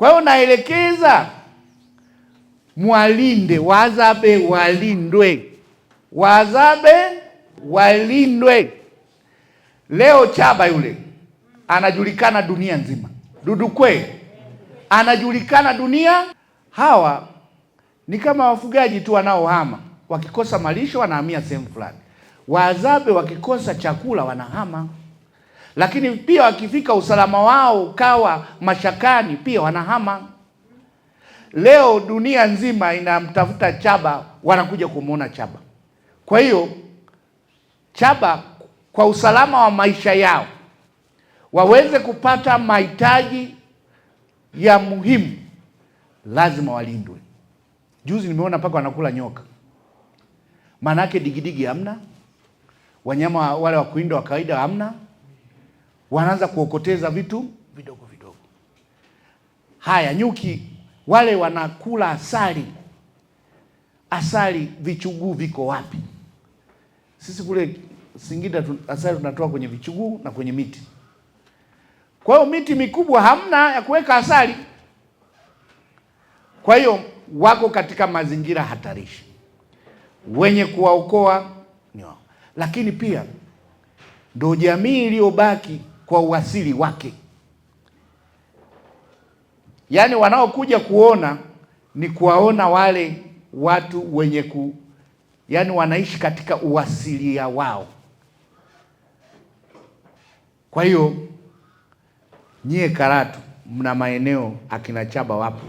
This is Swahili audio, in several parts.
Kwa hiyo naelekeza mwalinde wazabe, walindwe wazabe, walindwe. Leo Chaba yule anajulikana dunia nzima, Dudukwe anajulikana dunia. Hawa ni kama wafugaji tu wanaohama, wakikosa malisho wanahamia sehemu fulani. Wazabe wakikosa chakula wanahama lakini pia wakifika usalama wao ukawa mashakani, pia wanahama. Leo dunia nzima inamtafuta Chaba, wanakuja kumwona Chaba. Kwa hiyo Chaba, kwa usalama wa maisha yao, waweze kupata mahitaji ya muhimu, lazima walindwe. Juzi nimeona mpaka wanakula nyoka, maanake digidigi hamna, wanyama wale wa kuinda wa kawaida hamna wanaanza kuokoteza vitu vidogo vidogo. Haya, nyuki wale wanakula asali. Asali vichuguu viko wapi? Sisi kule Singida asali tunatoa kwenye vichuguu na kwenye miti. Kwa hiyo miti mikubwa hamna ya kuweka asali, kwa hiyo wako katika mazingira hatarishi. Wenye kuwaokoa ni wao, lakini pia ndo jamii iliyobaki kwa uasili wake. Yaani wanaokuja kuona ni kuwaona wale watu wenye ku, yaani wanaishi katika uasilia wao. Kwa hiyo nyie Karatu mna maeneo akina Chaba wapo,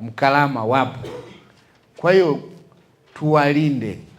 Mkalama wapo, kwa hiyo tuwalinde.